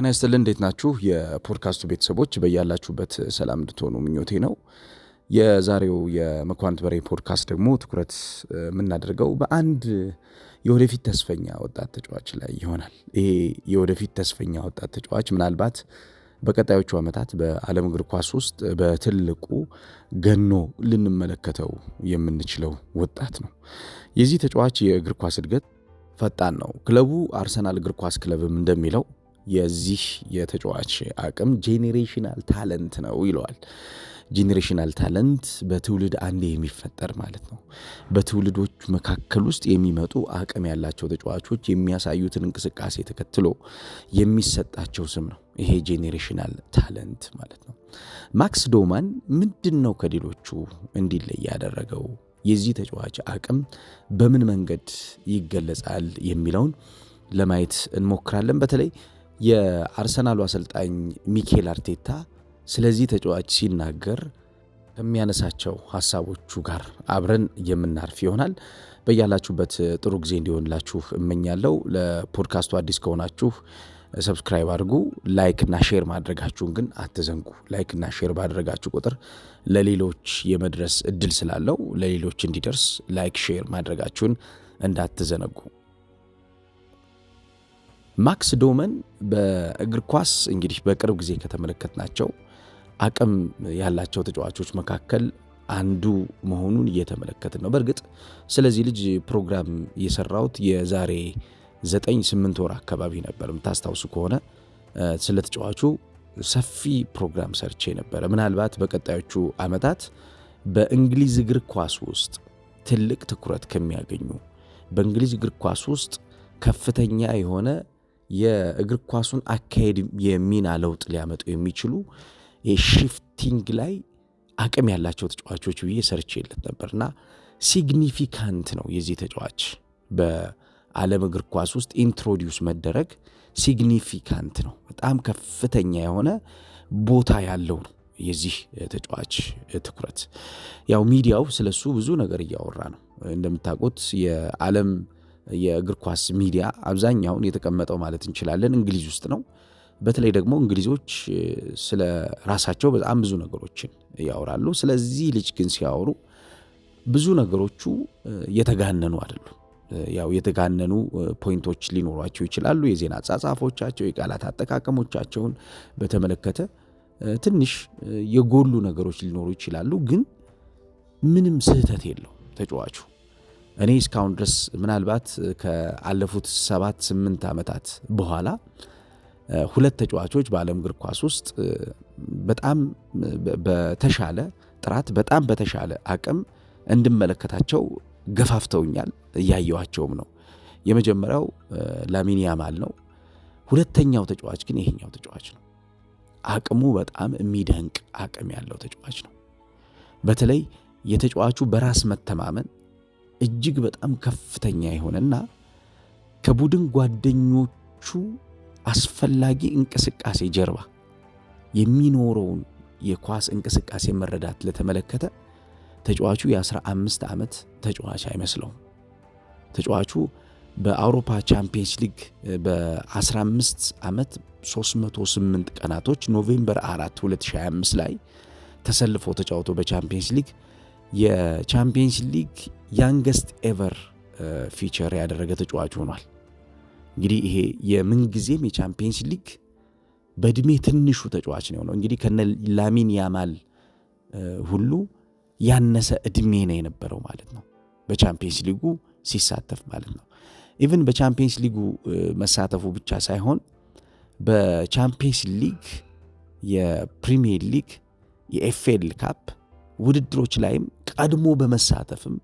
ጤና ይስጥልን እንዴት ናችሁ? የፖድካስቱ ቤተሰቦች በያላችሁበት ሰላም እንድትሆኑ ምኞቴ ነው። የዛሬው የመኳንንት በሬ ፖድካስት ደግሞ ትኩረት የምናደርገው በአንድ የወደፊት ተስፈኛ ወጣት ተጫዋች ላይ ይሆናል። ይሄ የወደፊት ተስፈኛ ወጣት ተጫዋች ምናልባት በቀጣዮቹ ዓመታት በዓለም እግር ኳስ ውስጥ በትልቁ ገኖ ልንመለከተው የምንችለው ወጣት ነው። የዚህ ተጫዋች የእግር ኳስ እድገት ፈጣን ነው። ክለቡ አርሰናል እግር ኳስ ክለብም እንደሚለው የዚህ የተጫዋች አቅም ጄኔሬሽናል ታለንት ነው ይለዋል። ጄኔሬሽናል ታለንት በትውልድ አንዴ የሚፈጠር ማለት ነው። በትውልዶች መካከል ውስጥ የሚመጡ አቅም ያላቸው ተጫዋቾች የሚያሳዩትን እንቅስቃሴ ተከትሎ የሚሰጣቸው ስም ነው። ይሄ ጄኔሬሽናል ታለንት ማለት ነው። ማክስ ዶማን ምንድን ነው ከሌሎቹ እንዲለይ ያደረገው? የዚህ ተጫዋች አቅም በምን መንገድ ይገለጻል የሚለውን ለማየት እንሞክራለን በተለይ የአርሰናሉ አሰልጣኝ ሚኬል አርቴታ ስለዚህ ተጫዋች ሲናገር ከሚያነሳቸው ሀሳቦቹ ጋር አብረን የምናርፍ ይሆናል። በያላችሁበት ጥሩ ጊዜ እንዲሆንላችሁ እመኛለሁ። ለፖድካስቱ አዲስ ከሆናችሁ ሰብስክራይብ አድርጉ። ላይክ እና ሼር ማድረጋችሁን ግን አትዘንጉ። ላይክ እና ሼር ባድረጋችሁ ቁጥር ለሌሎች የመድረስ እድል ስላለው ለሌሎች እንዲደርስ ላይክ ሼር ማድረጋችሁን እንዳትዘነጉ። ማክስ ዶመን በእግር ኳስ እንግዲህ በቅርብ ጊዜ ከተመለከትናቸው አቅም ያላቸው ተጫዋቾች መካከል አንዱ መሆኑን እየተመለከትን ነው። በእርግጥ ስለዚህ ልጅ ፕሮግራም የሰራሁት የዛሬ ዘጠኝ ስምንት ወር አካባቢ ነበር። የምታስታውሱ ከሆነ ስለ ተጫዋቹ ሰፊ ፕሮግራም ሰርቼ ነበረ። ምናልባት በቀጣዮቹ ዓመታት በእንግሊዝ እግር ኳስ ውስጥ ትልቅ ትኩረት ከሚያገኙ በእንግሊዝ እግር ኳስ ውስጥ ከፍተኛ የሆነ የእግር ኳሱን አካሄድ የሚና ለውጥ ሊያመጡ የሚችሉ የሺፍቲንግ ላይ አቅም ያላቸው ተጫዋቾች ብዬ ሰርች የለት ነበርና ሲግኒፊካንት ነው የዚህ ተጫዋች በዓለም እግር ኳስ ውስጥ ኢንትሮዲውስ መደረግ ሲግኒፊካንት ነው። በጣም ከፍተኛ የሆነ ቦታ ያለው ነው የዚህ ተጫዋች ትኩረት። ያው ሚዲያው ስለሱ ብዙ ነገር እያወራ ነው። እንደምታውቁት የዓለም የእግር ኳስ ሚዲያ አብዛኛውን የተቀመጠው ማለት እንችላለን እንግሊዝ ውስጥ ነው። በተለይ ደግሞ እንግሊዞች ስለ ራሳቸው በጣም ብዙ ነገሮችን ያወራሉ። ስለዚህ ልጅ ግን ሲያወሩ ብዙ ነገሮቹ የተጋነኑ አይደሉም። ያው የተጋነኑ ፖይንቶች ሊኖሯቸው ይችላሉ። የዜና አጻጻፎቻቸው፣ የቃላት አጠቃቀሞቻቸውን በተመለከተ ትንሽ የጎሉ ነገሮች ሊኖሩ ይችላሉ። ግን ምንም ስህተት የለው ተጫዋቹ እኔ እስካሁን ድረስ ምናልባት ከአለፉት ሰባት ስምንት ዓመታት በኋላ ሁለት ተጫዋቾች በዓለም እግር ኳስ ውስጥ በጣም በተሻለ ጥራት በጣም በተሻለ አቅም እንድመለከታቸው ገፋፍተውኛል። እያየዋቸውም ነው። የመጀመሪያው ላሚን ያማል ነው። ሁለተኛው ተጫዋች ግን ይሄኛው ተጫዋች ነው። አቅሙ በጣም የሚደንቅ አቅም ያለው ተጫዋች ነው። በተለይ የተጫዋቹ በራስ መተማመን እጅግ በጣም ከፍተኛ የሆነና ከቡድን ጓደኞቹ አስፈላጊ እንቅስቃሴ ጀርባ የሚኖረውን የኳስ እንቅስቃሴ መረዳት ለተመለከተ ተጫዋቹ የ15 ዓመት ተጫዋች አይመስለውም። ተጫዋቹ በአውሮፓ ቻምፒየንስ ሊግ በ15 ዓመት 308 ቀናቶች ኖቬምበር 4 2025 ላይ ተሰልፎ ተጫውቶ በቻምፒየንስ ሊግ የቻምፒየንስ ሊግ ያንገስት ኤቨር ፊቸር ያደረገ ተጫዋች ሆኗል። እንግዲህ ይሄ የምንጊዜም የቻምፒየንስ ሊግ በእድሜ ትንሹ ተጫዋች ነው እንግዲህ ከነ ላሚን ያማል uh, ሁሉ ያነሰ እድሜ ነው የነበረው ማለት ነው በቻምፒየንስ ሊጉ ሲሳተፍ ማለት ነው። ኢቭን በቻምፒየንስ ሊጉ uh, መሳተፉ ብቻ ሳይሆን በቻምፒየንስ ሊግ፣ የፕሪሚየር ሊግ፣ የኤፍኤል ካፕ ውድድሮች ላይም ቀድሞ በመሳተፍም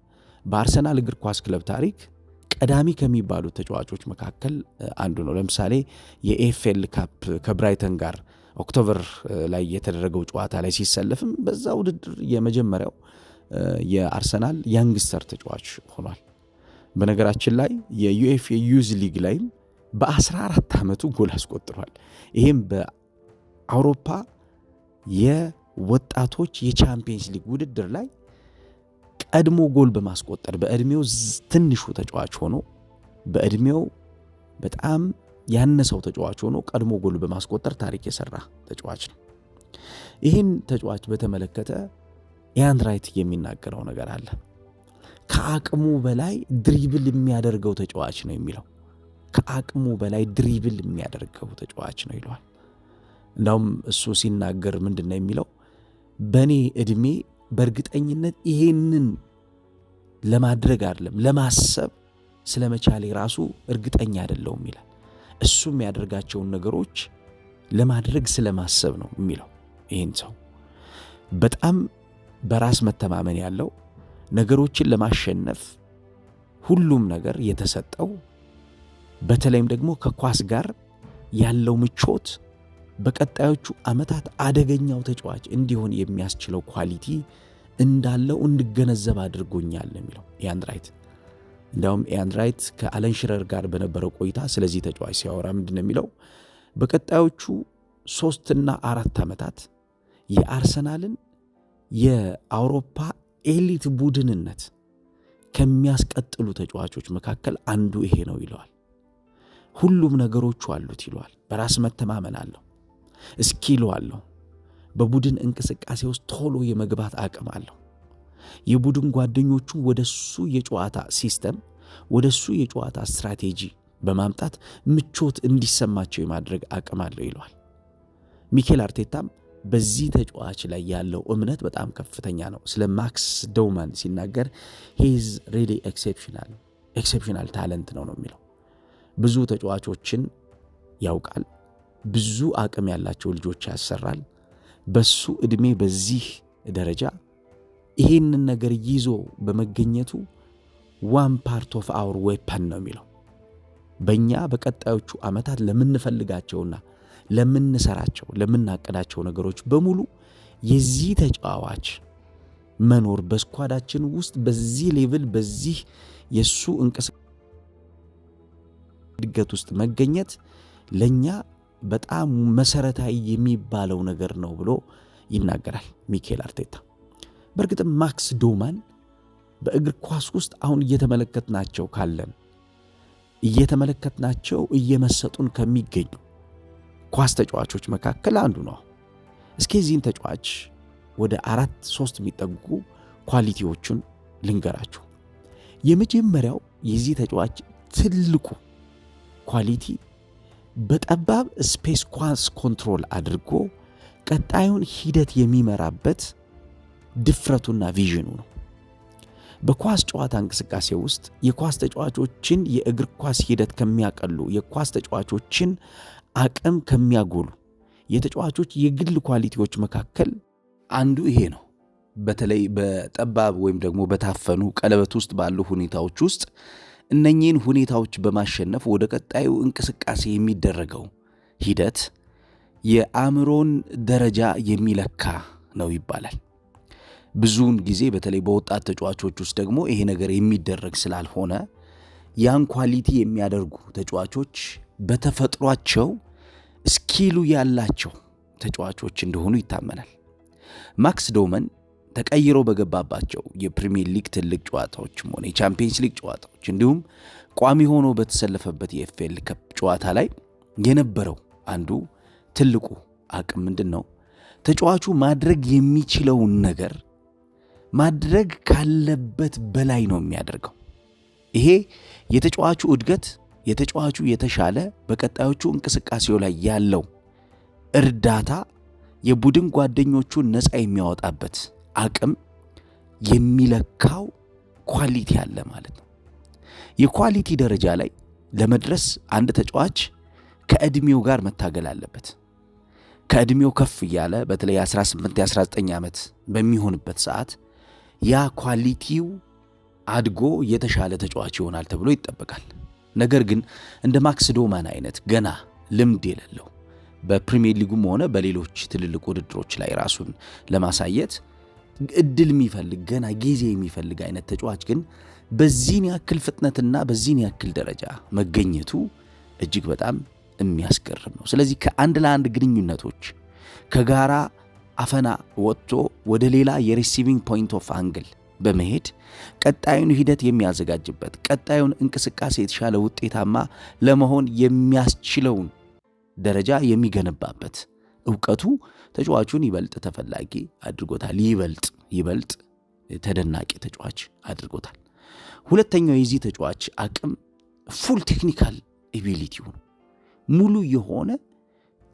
በአርሰናል እግር ኳስ ክለብ ታሪክ ቀዳሚ ከሚባሉ ተጫዋቾች መካከል አንዱ ነው። ለምሳሌ የኤፍኤል ካፕ ከብራይተን ጋር ኦክቶበር ላይ የተደረገው ጨዋታ ላይ ሲሰለፍም በዛ ውድድር የመጀመሪያው የአርሰናል ያንግስተር ተጫዋች ሆኗል። በነገራችን ላይ የዩኤፍ ዩዝ ሊግ ላይም በ14 ዓመቱ ጎል አስቆጥሯል። ይህም በአውሮፓ የወጣቶች የቻምፒየንስ ሊግ ውድድር ላይ ቀድሞ ጎል በማስቆጠር በእድሜው ትንሹ ተጫዋች ሆኖ በእድሜው በጣም ያነሰው ተጫዋች ሆኖ ቀድሞ ጎል በማስቆጠር ታሪክ የሰራ ተጫዋች ነው። ይህን ተጫዋች በተመለከተ ኢያን ራይት የሚናገረው ነገር አለ። ከአቅሙ በላይ ድሪብል የሚያደርገው ተጫዋች ነው የሚለው ከአቅሙ በላይ ድሪብል የሚያደርገው ተጫዋች ነው ይለዋል። እንዳውም እሱ ሲናገር ምንድን ነው የሚለው በእኔ እድሜ በእርግጠኝነት ይሄንን ለማድረግ አይደለም ለማሰብ ስለመቻሌ ራሱ እርግጠኛ አይደለሁም ይላል። እሱ የሚያደርጋቸውን ነገሮች ለማድረግ ስለማሰብ ነው የሚለው። ይህን ሰው በጣም በራስ መተማመን ያለው ነገሮችን ለማሸነፍ ሁሉም ነገር የተሰጠው በተለይም ደግሞ ከኳስ ጋር ያለው ምቾት በቀጣዮቹ ዓመታት አደገኛው ተጫዋች እንዲሆን የሚያስችለው ኳሊቲ እንዳለው እንድገነዘብ አድርጎኛል የሚለው ኢያን እንዲያውም ኢያን ከአለን ሽረር ጋር በነበረው ቆይታ ስለዚህ ተጫዋች ሲያወራ ምንድን የሚለው? በቀጣዮቹ ሶስትና አራት ዓመታት የአርሰናልን የአውሮፓ ኤሊት ቡድንነት ከሚያስቀጥሉ ተጫዋቾች መካከል አንዱ ይሄ ነው ይለዋል። ሁሉም ነገሮቹ አሉት ይለዋል። በራስ መተማመን አለው፣ ስኪሉ አለው በቡድን እንቅስቃሴ ውስጥ ቶሎ የመግባት አቅም አለው። የቡድን ጓደኞቹ ወደሱ የጨዋታ ሲስተም ወደሱ የጨዋታ ስትራቴጂ በማምጣት ምቾት እንዲሰማቸው የማድረግ አቅም አለው ይለዋል። ሚኬል አርቴታም በዚህ ተጫዋች ላይ ያለው እምነት በጣም ከፍተኛ ነው። ስለ ማክስ ደውማን ሲናገር ሂዝ ሪሊ ኤክሴፕሽናል ኤክሴፕሽናል ታለንት ነው ነው የሚለው። ብዙ ተጫዋቾችን ያውቃል። ብዙ አቅም ያላቸው ልጆች ያሰራል። በሱ ዕድሜ በዚህ ደረጃ ይሄንን ነገር ይዞ በመገኘቱ ዋን ፓርት ኦፍ አወር ዌፐን ነው የሚለው። በእኛ በቀጣዮቹ ዓመታት ለምንፈልጋቸውና ለምንሰራቸው ለምናቅዳቸው ነገሮች በሙሉ የዚህ ተጫዋች መኖር በስኳዳችን ውስጥ በዚህ ሌቭል በዚህ የእሱ እንቅስቃሴ እድገት ውስጥ መገኘት ለእኛ በጣም መሰረታዊ የሚባለው ነገር ነው ብሎ ይናገራል ሚኬል አርቴታ። በእርግጥም ማክስ ዶማን በእግር ኳስ ውስጥ አሁን እየተመለከትናቸው ካለን እየተመለከትናቸው እየመሰጡን ከሚገኙ ኳስ ተጫዋቾች መካከል አንዱ ነው። እስኪ እዚህን ተጫዋች ወደ አራት ሶስት የሚጠጉ ኳሊቲዎቹን ልንገራችሁ። የመጀመሪያው የዚህ ተጫዋች ትልቁ ኳሊቲ በጠባብ ስፔስ ኳስ ኮንትሮል አድርጎ ቀጣዩን ሂደት የሚመራበት ድፍረቱና ቪዥኑ ነው። በኳስ ጨዋታ እንቅስቃሴ ውስጥ የኳስ ተጫዋቾችን የእግር ኳስ ሂደት ከሚያቀሉ፣ የኳስ ተጫዋቾችን አቅም ከሚያጎሉ የተጫዋቾች የግል ኳሊቲዎች መካከል አንዱ ይሄ ነው። በተለይ በጠባብ ወይም ደግሞ በታፈኑ ቀለበት ውስጥ ባሉ ሁኔታዎች ውስጥ እነኚህን ሁኔታዎች በማሸነፍ ወደ ቀጣዩ እንቅስቃሴ የሚደረገው ሂደት የአእምሮን ደረጃ የሚለካ ነው ይባላል። ብዙውን ጊዜ በተለይ በወጣት ተጫዋቾች ውስጥ ደግሞ ይሄ ነገር የሚደረግ ስላልሆነ ያን ኳሊቲ የሚያደርጉ ተጫዋቾች በተፈጥሯቸው ስኪሉ ያላቸው ተጫዋቾች እንደሆኑ ይታመናል። ማክስ ዶመን ተቀይሮ በገባባቸው የፕሪሚየር ሊግ ትልቅ ጨዋታዎችም ሆነ የቻምፒየንስ ሊግ ጨዋታዎች እንዲሁም ቋሚ ሆኖ በተሰለፈበት የኤፍኤል ከፕ ጨዋታ ላይ የነበረው አንዱ ትልቁ አቅም ምንድን ነው? ተጫዋቹ ማድረግ የሚችለውን ነገር ማድረግ ካለበት በላይ ነው የሚያደርገው። ይሄ የተጫዋቹ እድገት የተጫዋቹ የተሻለ በቀጣዮቹ እንቅስቃሴው ላይ ያለው እርዳታ የቡድን ጓደኞቹን ነፃ የሚያወጣበት አቅም የሚለካው ኳሊቲ አለ ማለት ነው። የኳሊቲ ደረጃ ላይ ለመድረስ አንድ ተጫዋች ከእድሜው ጋር መታገል አለበት። ከእድሜው ከፍ እያለ በተለይ 18 የ19 ዓመት በሚሆንበት ሰዓት ያ ኳሊቲው አድጎ የተሻለ ተጫዋች ይሆናል ተብሎ ይጠበቃል። ነገር ግን እንደ ማክስ ዶማን አይነት ገና ልምድ የሌለው በፕሪሚየር ሊጉም ሆነ በሌሎች ትልልቅ ውድድሮች ላይ ራሱን ለማሳየት እድል የሚፈልግ ገና ጊዜ የሚፈልግ አይነት ተጫዋች ግን በዚህን ያክል ፍጥነትና በዚህን ያክል ደረጃ መገኘቱ እጅግ በጣም የሚያስገርም ነው። ስለዚህ ከአንድ ለአንድ ግንኙነቶች ከጋራ አፈና ወጥቶ ወደ ሌላ የሪሲቪንግ ፖይንት ኦፍ አንግል በመሄድ ቀጣዩን ሂደት የሚያዘጋጅበት ቀጣዩን እንቅስቃሴ የተሻለ ውጤታማ ለመሆን የሚያስችለውን ደረጃ የሚገነባበት እውቀቱ ተጫዋቹን ይበልጥ ተፈላጊ አድርጎታል። ይበልጥ ይበልጥ ተደናቂ ተጫዋች አድርጎታል። ሁለተኛው የዚህ ተጫዋች አቅም ፉል ቴክኒካል ኤቢሊቲው ነው። ሙሉ የሆነ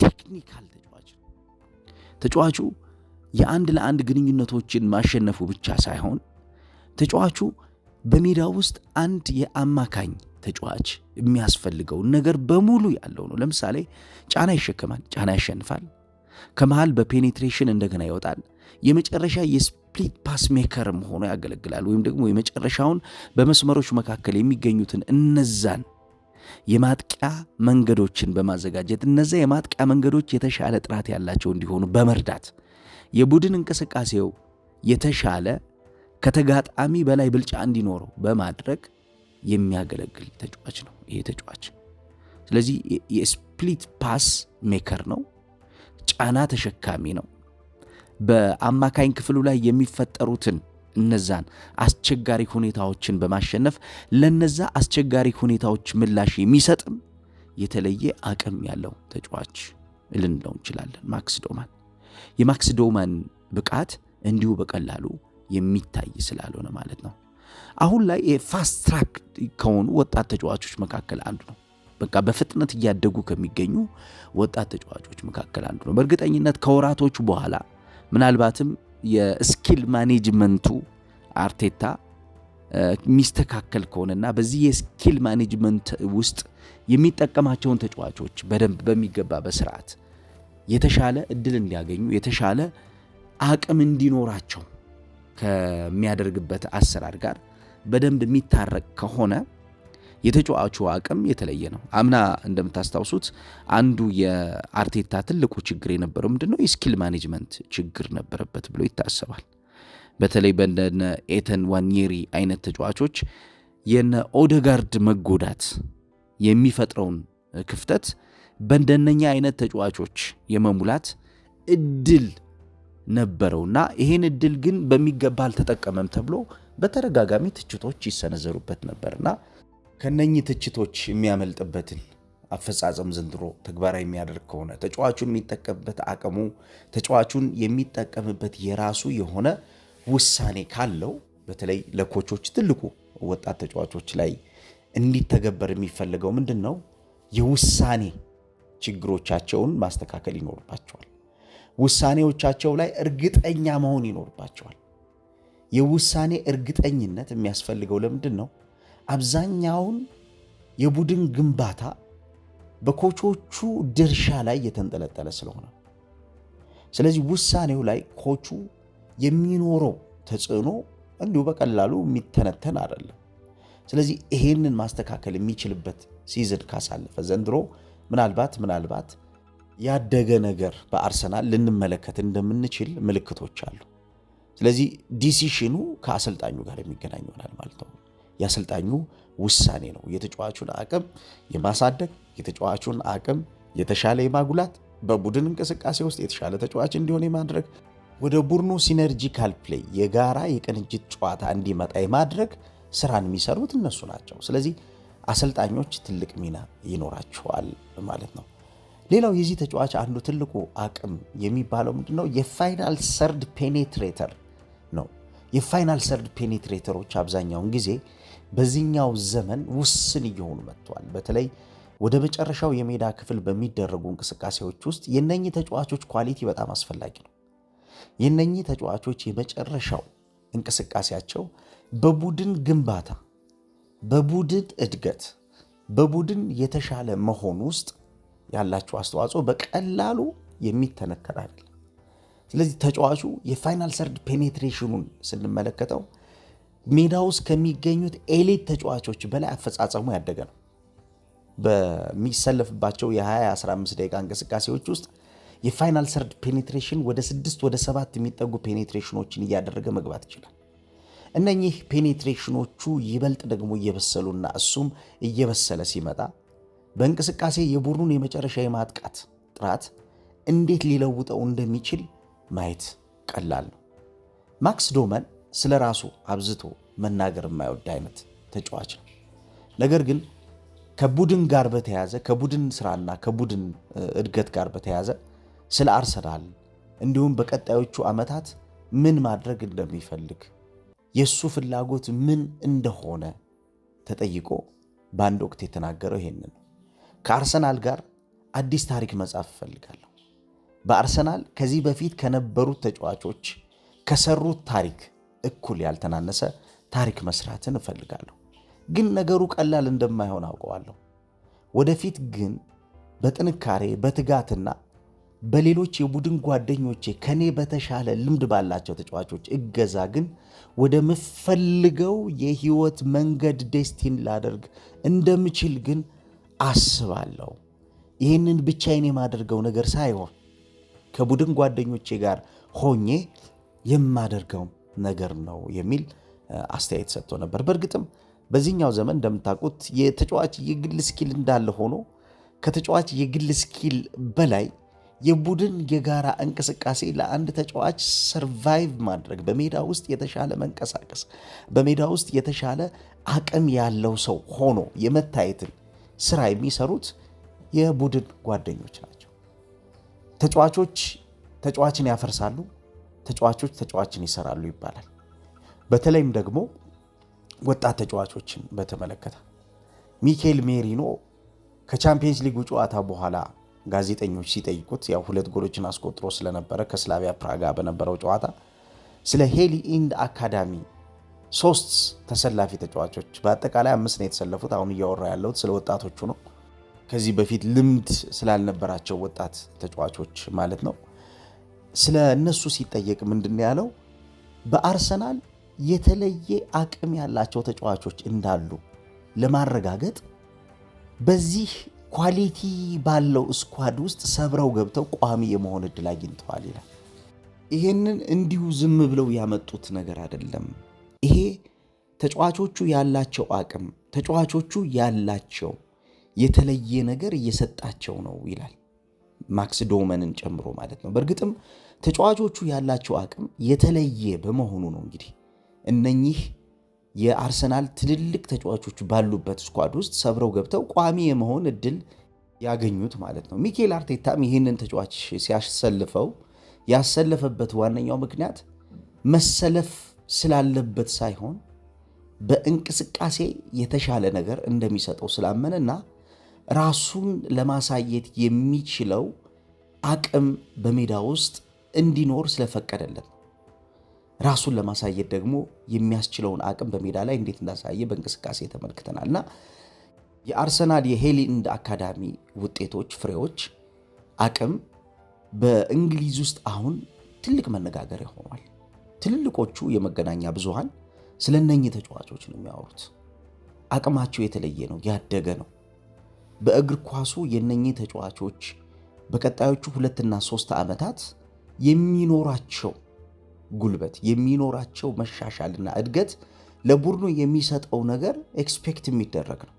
ቴክኒካል ተጫዋች ነው። ተጫዋቹ የአንድ ለአንድ ግንኙነቶችን ማሸነፉ ብቻ ሳይሆን ተጫዋቹ በሜዳ ውስጥ አንድ የአማካኝ ተጫዋች የሚያስፈልገውን ነገር በሙሉ ያለው ነው። ለምሳሌ ጫና ይሸከማል፣ ጫና ያሸንፋል፣ ከመሃል በፔኔትሬሽን እንደገና ይወጣል። የመጨረሻ የስፕሊት ፓስ ሜከርም ሆኖ ያገለግላል። ወይም ደግሞ የመጨረሻውን በመስመሮች መካከል የሚገኙትን እነዛን የማጥቂያ መንገዶችን በማዘጋጀት እነዛ የማጥቂያ መንገዶች የተሻለ ጥራት ያላቸው እንዲሆኑ በመርዳት የቡድን እንቅስቃሴው የተሻለ ከተጋጣሚ በላይ ብልጫ እንዲኖረው በማድረግ የሚያገለግል ተጫዋች ነው ይሄ ተጫዋች። ስለዚህ የስፕሊት ፓስ ሜከር ነው። ጫና ተሸካሚ ነው። በአማካኝ ክፍሉ ላይ የሚፈጠሩትን እነዛን አስቸጋሪ ሁኔታዎችን በማሸነፍ ለነዛ አስቸጋሪ ሁኔታዎች ምላሽ የሚሰጥም የተለየ አቅም ያለው ተጫዋች ልንለው እንችላለን። ማክስ ዶማን የማክስ ዶማን ብቃት እንዲሁ በቀላሉ የሚታይ ስላልሆነ ማለት ነው። አሁን ላይ የፋስት ትራክ ከሆኑ ወጣት ተጫዋቾች መካከል አንዱ ነው። በቃ በፍጥነት እያደጉ ከሚገኙ ወጣት ተጫዋቾች መካከል አንዱ ነው። በእርግጠኝነት ከወራቶች በኋላ ምናልባትም የስኪል ማኔጅመንቱ አርቴታ የሚስተካከል ከሆነና በዚህ የስኪል ማኔጅመንት ውስጥ የሚጠቀማቸውን ተጫዋቾች በደንብ በሚገባ በስርዓት የተሻለ እድል እንዲያገኙ የተሻለ አቅም እንዲኖራቸው ከሚያደርግበት አሰራር ጋር በደንብ የሚታረቅ ከሆነ የተጫዋቹ አቅም የተለየ ነው። አምና እንደምታስታውሱት አንዱ የአርቴታ ትልቁ ችግር የነበረው ምንድነው? የስኪል ማኔጅመንት ችግር ነበረበት ብሎ ይታሰባል። በተለይ በነነ ኤተን ዋኔሪ አይነት ተጫዋቾች የነ ኦደጋርድ መጎዳት የሚፈጥረውን ክፍተት በእንደነኛ አይነት ተጫዋቾች የመሙላት እድል ነበረውና ይህን እድል ግን በሚገባ አልተጠቀመም ተብሎ በተደጋጋሚ ትችቶች ይሰነዘሩበት ነበርና ከነኚህ ትችቶች የሚያመልጥበትን አፈጻጸም ዘንድሮ ተግባራዊ የሚያደርግ ከሆነ ተጫዋቹን የሚጠቀምበት አቅሙ ተጫዋቹን የሚጠቀምበት የራሱ የሆነ ውሳኔ ካለው በተለይ ለኮቾች ትልቁ ወጣት ተጫዋቾች ላይ እንዲተገበር የሚፈለገው ምንድን ነው? የውሳኔ ችግሮቻቸውን ማስተካከል ይኖርባቸዋል። ውሳኔዎቻቸው ላይ እርግጠኛ መሆን ይኖርባቸዋል። የውሳኔ እርግጠኝነት የሚያስፈልገው ለምንድን ነው? አብዛኛውን የቡድን ግንባታ በኮቾቹ ድርሻ ላይ የተንጠለጠለ ስለሆነ ስለዚህ ውሳኔው ላይ ኮቹ የሚኖረው ተጽዕኖ እንዲሁ በቀላሉ የሚተነተን አይደለም። ስለዚህ ይሄንን ማስተካከል የሚችልበት ሲዝን ካሳለፈ ዘንድሮ ምናልባት ምናልባት ያደገ ነገር በአርሰናል ልንመለከት እንደምንችል ምልክቶች አሉ። ስለዚህ ዲሲሽኑ ከአሰልጣኙ ጋር የሚገናኝ ይሆናል ማለት ነው። የአሰልጣኙ ውሳኔ ነው። የተጫዋቹን አቅም የማሳደግ የተጫዋቹን አቅም የተሻለ የማጉላት በቡድን እንቅስቃሴ ውስጥ የተሻለ ተጫዋች እንዲሆን የማድረግ ወደ ቡድኑ ሲነርጂካል ፕሌይ የጋራ የቅንጅት ጨዋታ እንዲመጣ የማድረግ ስራን የሚሰሩት እነሱ ናቸው። ስለዚህ አሰልጣኞች ትልቅ ሚና ይኖራቸዋል ማለት ነው። ሌላው የዚህ ተጫዋች አንዱ ትልቁ አቅም የሚባለው ምንድነው? የፋይናል ሰርድ ፔኔትሬተር ነው። የፋይናል ሰርድ ፔኔትሬተሮች አብዛኛውን ጊዜ በዚህኛው ዘመን ውስን እየሆኑ መጥተዋል። በተለይ ወደ መጨረሻው የሜዳ ክፍል በሚደረጉ እንቅስቃሴዎች ውስጥ የነኚህ ተጫዋቾች ኳሊቲ በጣም አስፈላጊ ነው። የነኚህ ተጫዋቾች የመጨረሻው እንቅስቃሴያቸው በቡድን ግንባታ፣ በቡድን እድገት፣ በቡድን የተሻለ መሆን ውስጥ ያላቸው አስተዋጽኦ በቀላሉ የሚተነተን አይደለም። ስለዚህ ተጫዋቹ የፋይናል ሰርድ ፔኔትሬሽኑን ስንመለከተው ሜዳ ውስጥ ከሚገኙት ኤሊት ተጫዋቾች በላይ አፈጻጸሙ ያደገ ነው። በሚሰለፍባቸው የ2015 ደቂቃ እንቅስቃሴዎች ውስጥ የፋይናል ሰርድ ፔኔትሬሽን ወደ ስድስት ወደ ሰባት የሚጠጉ ፔኔትሬሽኖችን እያደረገ መግባት ይችላል። እነኚህ ፔኔትሬሽኖቹ ይበልጥ ደግሞ እየበሰሉና እሱም እየበሰለ ሲመጣ በእንቅስቃሴ የቡድኑን የመጨረሻ የማጥቃት ጥራት እንዴት ሊለውጠው እንደሚችል ማየት ቀላል ነው። ማክስ ዶመን ስለ ራሱ አብዝቶ መናገር የማይወድ አይነት ተጫዋች ነው። ነገር ግን ከቡድን ጋር በተያዘ ከቡድን ስራና ከቡድን እድገት ጋር በተያዘ ስለ አርሰናል እንዲሁም በቀጣዮቹ ዓመታት ምን ማድረግ እንደሚፈልግ የእሱ ፍላጎት ምን እንደሆነ ተጠይቆ በአንድ ወቅት የተናገረው ይሄንን ከአርሰናል ጋር አዲስ ታሪክ መጻፍ እፈልጋለሁ። በአርሰናል ከዚህ በፊት ከነበሩት ተጫዋቾች ከሰሩት ታሪክ እኩል ያልተናነሰ ታሪክ መስራትን እፈልጋለሁ። ግን ነገሩ ቀላል እንደማይሆን አውቀዋለሁ። ወደፊት ግን በጥንካሬ በትጋትና በሌሎች የቡድን ጓደኞቼ ከኔ በተሻለ ልምድ ባላቸው ተጫዋቾች እገዛ ግን ወደምፈልገው የህይወት መንገድ ዴስቲን ላደርግ እንደምችል ግን አስባለሁ። ይህንን ብቻዬን የማደርገው ነገር ሳይሆን ከቡድን ጓደኞቼ ጋር ሆኜ የማደርገውም። ነገር ነው የሚል አስተያየት ሰጥቶ ነበር። በእርግጥም በዚህኛው ዘመን እንደምታውቁት የተጫዋች የግል ስኪል እንዳለ ሆኖ ከተጫዋች የግል ስኪል በላይ የቡድን የጋራ እንቅስቃሴ ለአንድ ተጫዋች ሰርቫይቭ ማድረግ፣ በሜዳ ውስጥ የተሻለ መንቀሳቀስ፣ በሜዳ ውስጥ የተሻለ አቅም ያለው ሰው ሆኖ የመታየትን ስራ የሚሰሩት የቡድን ጓደኞች ናቸው። ተጫዋቾች ተጫዋችን ያፈርሳሉ። ተጫዋቾች ተጫዋችን ይሰራሉ ይባላል። በተለይም ደግሞ ወጣት ተጫዋቾችን በተመለከተ ሚኬል ሜሪኖ ከቻምፒየንስ ሊጉ ጨዋታ በኋላ ጋዜጠኞች ሲጠይቁት ያው ሁለት ጎሎችን አስቆጥሮ ስለነበረ ከስላቪያ ፕራጋ በነበረው ጨዋታ ስለ ሄሊ ኢንድ አካዳሚ ሶስት ተሰላፊ ተጫዋቾች በአጠቃላይ አምስት ነው የተሰለፉት። አሁን እያወራ ያለሁት ስለ ወጣቶቹ ነው። ከዚህ በፊት ልምድ ስላልነበራቸው ወጣት ተጫዋቾች ማለት ነው ስለ እነሱ ሲጠየቅ ምንድን ያለው በአርሰናል የተለየ አቅም ያላቸው ተጫዋቾች እንዳሉ ለማረጋገጥ በዚህ ኳሊቲ ባለው ስኳድ ውስጥ ሰብረው ገብተው ቋሚ የመሆን እድል አግኝተዋል ይላል። ይሄንን እንዲሁ ዝም ብለው ያመጡት ነገር አይደለም። ይሄ ተጫዋቾቹ ያላቸው አቅም፣ ተጫዋቾቹ ያላቸው የተለየ ነገር እየሰጣቸው ነው ይላል። ማክስ ዶመንን ጨምሮ ማለት ነው። በእርግጥም ተጫዋቾቹ ያላቸው አቅም የተለየ በመሆኑ ነው እንግዲህ እነኚህ የአርሰናል ትልልቅ ተጫዋቾች ባሉበት ስኳድ ውስጥ ሰብረው ገብተው ቋሚ የመሆን እድል ያገኙት ማለት ነው። ሚኬል አርቴታም ይህንን ተጫዋች ሲያሰልፈው ያሰለፈበት ዋነኛው ምክንያት መሰለፍ ስላለበት ሳይሆን በእንቅስቃሴ የተሻለ ነገር እንደሚሰጠው ና። ራሱን ለማሳየት የሚችለው አቅም በሜዳ ውስጥ እንዲኖር ስለፈቀደለት ነው። ራሱን ለማሳየት ደግሞ የሚያስችለውን አቅም በሜዳ ላይ እንዴት እንዳሳየ በእንቅስቃሴ ተመልክተናል እና የአርሰናል የሄሊንድ አካዳሚ ውጤቶች ፍሬዎች አቅም በእንግሊዝ ውስጥ አሁን ትልቅ መነጋገሪያ ሆኗል። ትልልቆቹ የመገናኛ ብዙሃን ስለነኚህ ተጫዋቾች ነው የሚያወሩት። አቅማቸው የተለየ ነው፣ ያደገ ነው። በእግር ኳሱ የነኚህ ተጫዋቾች በቀጣዮቹ ሁለትና ሶስት ዓመታት የሚኖራቸው ጉልበት የሚኖራቸው መሻሻልና እድገት ለቡድኑ የሚሰጠው ነገር ኤክስፔክት የሚደረግ ነው።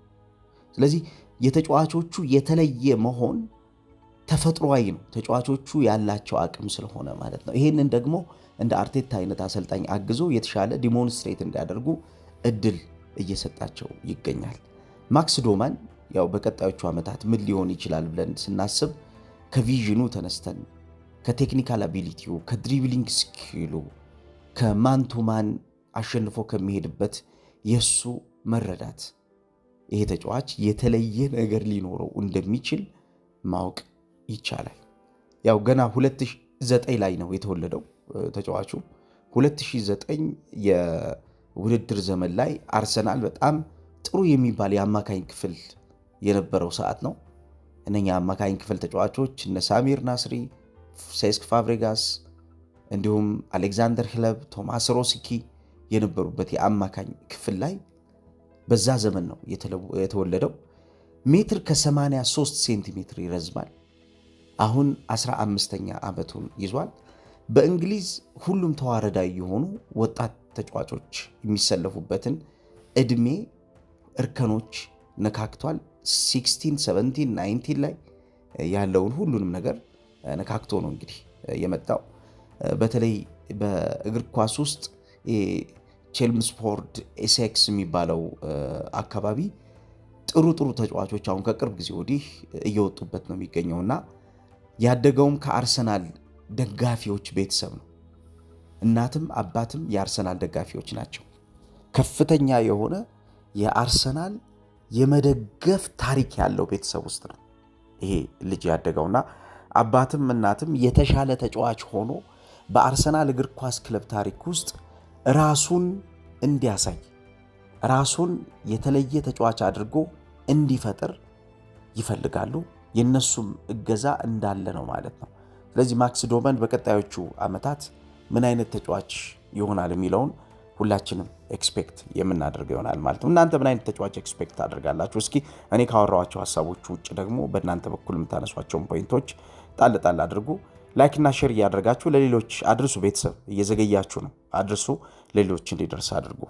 ስለዚህ የተጫዋቾቹ የተለየ መሆን ተፈጥሯዊ ነው። ተጫዋቾቹ ያላቸው አቅም ስለሆነ ማለት ነው። ይህንን ደግሞ እንደ አርቴታ አይነት አሰልጣኝ አግዞ የተሻለ ዲሞንስትሬት እንዲያደርጉ እድል እየሰጣቸው ይገኛል። ማክስ ዶማን ያው በቀጣዮቹ ዓመታት ምን ሊሆን ይችላል ብለን ስናስብ ከቪዥኑ ተነስተን ከቴክኒካል አቢሊቲው፣ ከድሪብሊንግ ስኪሉ፣ ከማንቱማን አሸንፎ ከሚሄድበት የእሱ መረዳት ይሄ ተጫዋች የተለየ ነገር ሊኖረው እንደሚችል ማወቅ ይቻላል። ያው ገና 2009 ላይ ነው የተወለደው ተጫዋቹ። 2009 የውድድር ዘመን ላይ አርሰናል በጣም ጥሩ የሚባል የአማካኝ ክፍል የነበረው ሰዓት ነው። እነኛ አማካኝ ክፍል ተጫዋቾች እነ ሳሚር ናስሪ፣ ሴስክ ፋብሬጋስ እንዲሁም አሌክዛንደር ሂለብ፣ ቶማስ ሮሲኪ የነበሩበት የአማካኝ ክፍል ላይ በዛ ዘመን ነው የተወለደው። ሜትር ከ83 ሴንቲሜትር ይረዝማል። አሁን 15ኛ ዓመቱን ይዟል። በእንግሊዝ ሁሉም ተዋረዳዊ የሆኑ ወጣት ተጫዋቾች የሚሰለፉበትን እድሜ እርከኖች ነካክቷል። ሲክስቲን ሰቨንቲን ናይንቲን ላይ eh, ያለውን ሁሉንም ነገር eh, ነካክቶ ነው እንግዲህ eh, የመጣው። በተለይ በእግር ኳስ ውስጥ ቼልምስፎርድ ኤሴክስ የሚባለው አካባቢ ጥሩ ጥሩ ተጫዋቾች አሁን ከቅርብ ጊዜ ወዲህ እየወጡበት ነው የሚገኘው እና ያደገውም ከአርሰናል ደጋፊዎች ቤተሰብ ነው። እናትም አባትም የአርሰናል ደጋፊዎች ናቸው። ከፍተኛ የሆነ የአርሰናል የመደገፍ ታሪክ ያለው ቤተሰብ ውስጥ ነው ይሄ ልጅ ያደገውና አባትም እናትም የተሻለ ተጫዋች ሆኖ በአርሰናል እግር ኳስ ክለብ ታሪክ ውስጥ ራሱን እንዲያሳይ ራሱን የተለየ ተጫዋች አድርጎ እንዲፈጥር ይፈልጋሉ። የነሱም እገዛ እንዳለ ነው ማለት ነው። ስለዚህ ማክስ ዶመን በቀጣዮቹ ዓመታት ምን አይነት ተጫዋች ይሆናል የሚለውን ሁላችንም ኤክስፔክት የምናደርገው ይሆናል ማለት ነው። እናንተ ምን አይነት ተጫዋች ኤክስፔክት ታደርጋላችሁ? እስኪ እኔ ካወራኋቸው ሀሳቦች ውጭ ደግሞ በእናንተ በኩል የምታነሷቸውን ፖይንቶች ጣል ጣል አድርጉ። ላይክና ሼር እያደረጋችሁ ለሌሎች አድርሱ። ቤተሰብ እየዘገያችሁ ነው፣ አድርሱ። ለሌሎች እንዲደርስ አድርጉ።